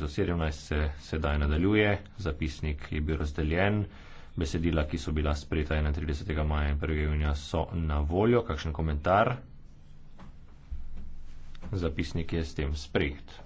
2017 se sedaj nadaljuje, zapisnik je bil razdeljen, besedila, ki so bila sprejeta 31. maja in 1. junija, so na voljo. Kakšen komentar? Zapisnik je s tem sprejet.